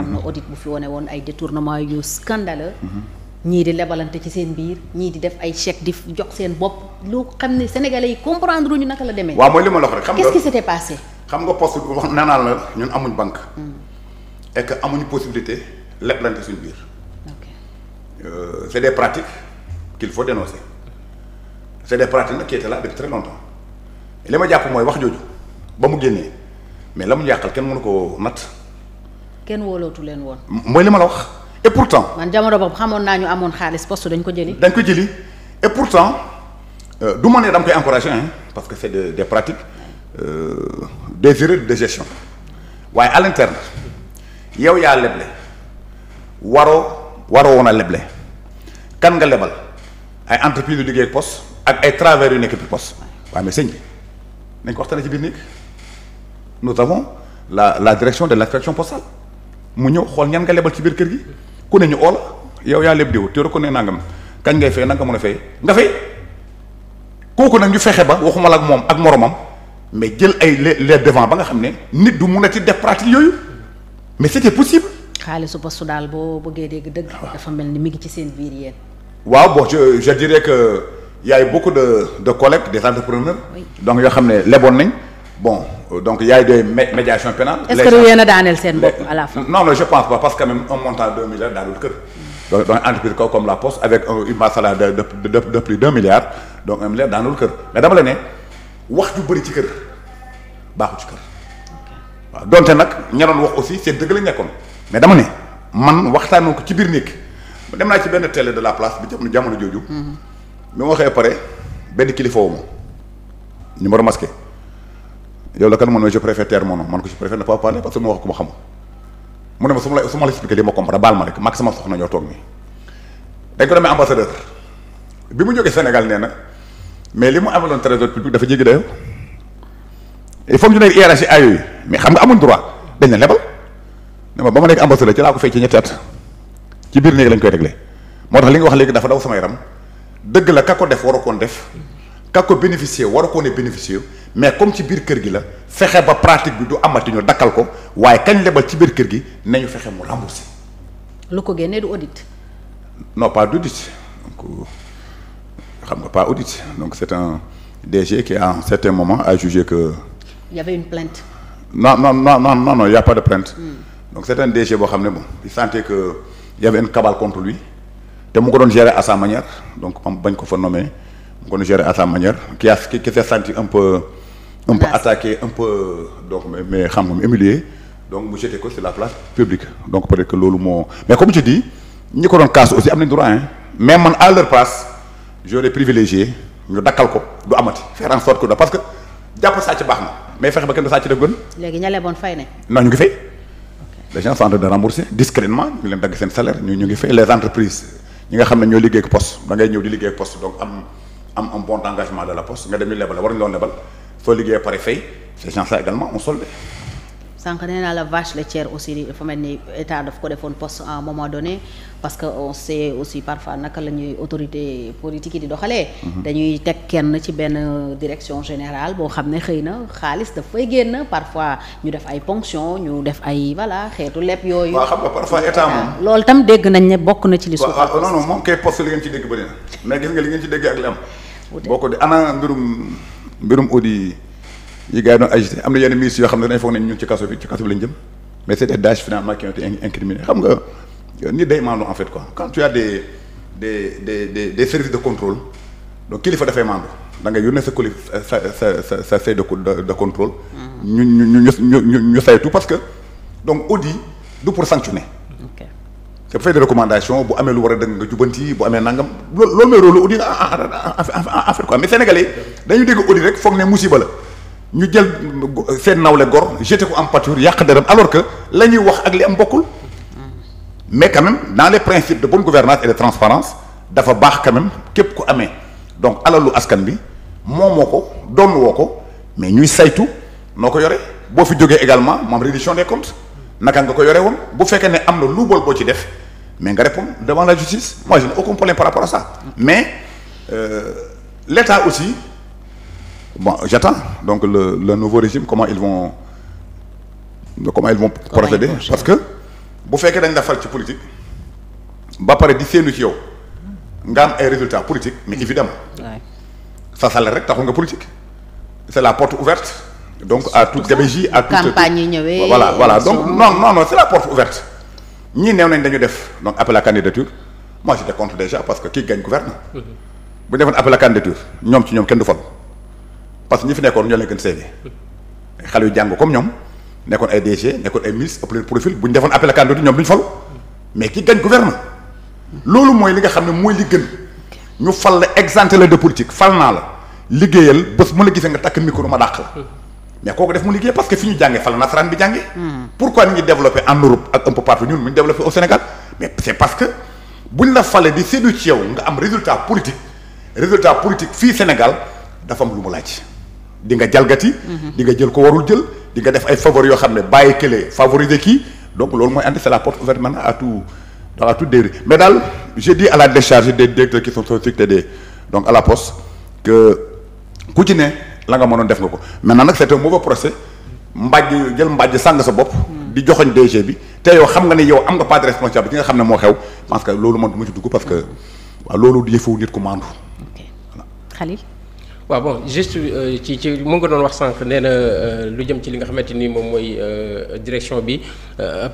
am na mhm. audit bu fi wone woon ay détournement yu scandaleux ñii di lebalante ci seen biir ñii di def ay chèque di jox seen bopp lu xam ni sénégalais yi comprendre ñu naka la demee. waaw mooy li la wax rek xam nga qu'est-ce qui s'était nga poste wax nee naa la ñun amuñ banque. Hmm. et amuñu possibilité lebalante suñu biir. ok euh, c'est des pratiques qu'il faut dénoncer c'est des pratiques nag qui étaient là depuis longtemps li ma jàpp mooy wax jooju ba mu génnee mais la mu yàqal kenn mënu ko natt. kenn wóolootu leen woon. mooy li ma la wax et pourtant. man jamono boobu xamoon naa ñu amoon xaalis poste dañ ko jëli. dañ ko jëli et pourtant euh, du ma ne dama koy encouragé hein parce que c' de des des pratiques euh, des erreurs de gestion waaye à l' interne yow yaa leble waroo waroo woon a leble kan nga lebal ay entreprise yu liggéey post ak ay traver yu nekk bi poste waaye mais sëñ bi nañ ko waxtaanee ci biir néeg nous avons la la direction de l'attraction postale mu ñëw xool ñan nga lebal ci biir kër gi ku ne ñu ool la yow yaa leb diw te ko ne nangam kañ ngay fay nanga mën a fay nga fay kooku nag ñu fexe ba waxuma la ak moom ak moromam mais jël ay le les les devant ba nga xam ne nit du mun a ci def pratique yooyu mais c'était possible. xaalisu postu daal boo bëggee dégg dëgg. Ah. dafa mel ni mi ngi ci seen biir yéen. waaw boo je je dirais que y a de de collègues des entrepreneurs. donc yoo xam ne leboon nañ. bon euh, donc yaay doy médiation pénale. est-ce que yéen a daaneel seen bopp à la fin. non non je pense pas parce que quand même un montant de 2 milliards kër. donc donc entreprise comme la poste avec une masse salariale de de de de plus d'un milliard donc un milliard daanul kër mais dama ne wax ju bëri ci kër baaxu waaw donte nag ña doon aussi seen dëgg nekkoon mais dama ne man waxtaanoo ko ci biir néeg dem naa ci benn télé de la place bi jamono jamono jooju. Mhm. bi waxee pare benn kilifa wu ma ñu ma yow la kan man mais je préfère taire man ko je préfère ne pas parler parce que ma wax ko ma xamul mu ne ma su ma la su ma la li ma comprendre baal ma rek mag sama soxna ñoo toog nii dañ ko demee ambassadeur bi mu jógee Sénégal nee na mais li mu amaloon trésor public dafa jéggi dayoo il faut que ñu nekk IRH ayo yi mais xam nga amuñ droit dañ la lebal ne ma ba ma nekk ambassadeur ci laa ko fay ci ñetti at ci biir néeg lañ koy réglé moo tax li nga wax léegi dafa daw sama yaram dëgg la ka def waru koon def ka ko bénéficier waru ne bénéficier mais comme ci biir kër gi la fexe ba pratique bi du amati ñu dakkal ko waaye kañ lebal ci biir kër gi ñu fexe mu si lu ko génnee du audit. non pas d'audit donc euh, xam nga pas audit donc c'est un DG qui à un certain moment a jugé que. il y avait une plainte. non non non non non non il y a pas de plainte. Hmm. donc c'est un boo xam ne bon il sentait que il y avait une cabale contre lui te mu ko doon gérer à sa manière donc am bañ ko fa nommer mu ko doon gérer à sa manière qui a qui s'est senti un un peu attaqué un peu donc mais xam nga mu humilié donc mu jeté ko sur la place publique donc peut que loolu moo mais comme je dis ñi ko doon kaas aussi am en sorte que parce que jàpp sàcc baax na mais fexe ba kenn du sàcc def gën. léegi ña leboon fay nañ. non ñu ngi fay. les gens ñu leen dagg seen salaire ñu ñu ngi fay les entreprises ñi nga xam ne ñoo liggéey ak poste da ñëw di liggéey ak poste donc am am bon engagement de la nga dem ñu lebal war ñu doon lebal. soo liggéey pare fay ces gens également ont soldé. sànq nee la vache laitière aussi dafa mel ni état daf ko defoon poste à un moment donné parce que on sait aussi parfois naka la ñuy autorité politique yi di doxalee. Mhm. dañuy teg kenn ci benn direction général boo xam ne xëy na xaalis daf fay génn parfois ñu def ay ponction ñu def ay voilà xeetu lépp yooyu. waaw xam nga parfois état moom. loolu tam dégg nañ ne bokk na ci li. suuf ak ah, non non moom li mbirum audi yi gars yi doon agité am na yenn ministres yoo xam ne dañ foog nañ ñu ci kaso bi ci kaso bi lañ jëm mais c'était Daesh finalement qui ont été xam nga nit day maandu en fait quoi quand tu as des des des des de contrôle donc kilifa dafay maandu da ngay yónnee sa coli sa sa sa sa say de de contrôle. Mm. ñu ñu ñu ñu ñu saytu parce que donc audi du pour sanctionner. dafay de recommandation bu amee lu war a dëng nga jubanti bu amee nangam loolu loolu mooy rôle audit en ah, ah, ah, fait quoi mais sénégalais dañu dégg audit rek foog ne musiba la ñu jël seen nawle gor jeté ko en pâture yàq deram alors que la ñuy wax ak li am bokkul mais quand même dans les principes de bonne gouvernance et de transparence dafa baax quand même képp ku amee donc alalu askan bi moomoo ko doon woo ko mais ñuy saytu noo ko yore boo fi jógee également moom reddition des comptes naka nga ko yore woon bu fekkee ne am na luubal boo ci def mais nga répondre devant la justice moi je n'ai aucun problème par rapport à ça mais euh, l'État aussi bon j'attends donc le, le nouveau régime comment ils vont comment ils vont procéder parce que bu fekkee dañ la fal ci politique ba pare di séenu ci yow nga am ay résultats politiques mais mm. évidemment sa salaire rek taxul nga politique c'est la porte ouverte donc à tout gabegie à toute campagne yi ñëwee voilà voilà donc non non non c'est la porte ouverte ñii neew nañ dañu def donc appel à candidature moi j'étais contre déjà parce que qui gagne gouverne mhm. bu ñu defoon appel à candidature ñoom ci ñoom kenn du fal parce que ñi fi nekkoon ñoo leen gën seege mhm. xale yu jàng comme ñoom nekkoon ay DG nekkoon ay ministre ëpp leen profil bu ñu defoon appel à candidature ñoom du ñu fal mhm. mais qui gagne gouverne loolu mooy li nga xam ne mooy li gën ñu fal la exempté la de politique fal naa la liggéeyal bés mu a gisee nga takk ma dàq mais kooku def mu liggéey parce que fi ñu jàngee fa la nasaraan bi jàngee. Hmm. pourquoi ñu ngi développé en Europe ak un peu partout ñun ñu développé au Sénégal mais c'est parce que buñ la fale di séddu ci yow nga am résultat politique résultat politique fii Sénégal dafa am lu mu laaj di nga jalgati. Hmm. di nga jël ko warul jël di nga def ay faveur yoo xam ne bàyyi kële favoriser kii donc loolu mooy andi c'est la porte ouverte maintenant à tout à tout dérive daal je dis à la décharge des directeurs qui sont sollicités à la poste que langa nga mënoon def nga ko maintenant nag c'est un mauvais procès mbàjj jël mbàjj sàng sa bopp hmm. di joxoñ DG bi te yow xam nga ne yow am nga pas de responsabilité nga xam ne moo xew parce que loolu man mu ma ci dugg hmm. waa loolu di yëfu nit ku maandu voilà Khalil waaw bon juste euh, ci ci mu nga doon wax sànq nee na euh, lu jëm ci li nga xamante ni moom mooy euh, direction bi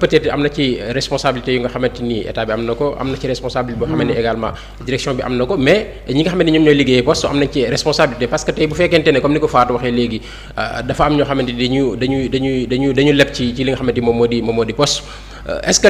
peut-être am na ci responsabilité yu nga xamante nii état bi am na ko am na ci responsabilité boo xamante ni hmm. également direction bi am na ko mais ñi nga xamante ñoom ñooy liggéeyee poste am nañ ci responsabilité parce que tey bu fekkente ne comme ni ko Fatou waxee léegi dafa am ñoo xamante ni dañu dañuy dañuy dañu dañu leb ci ci li nga xamante ni moom moo di moom moo di poste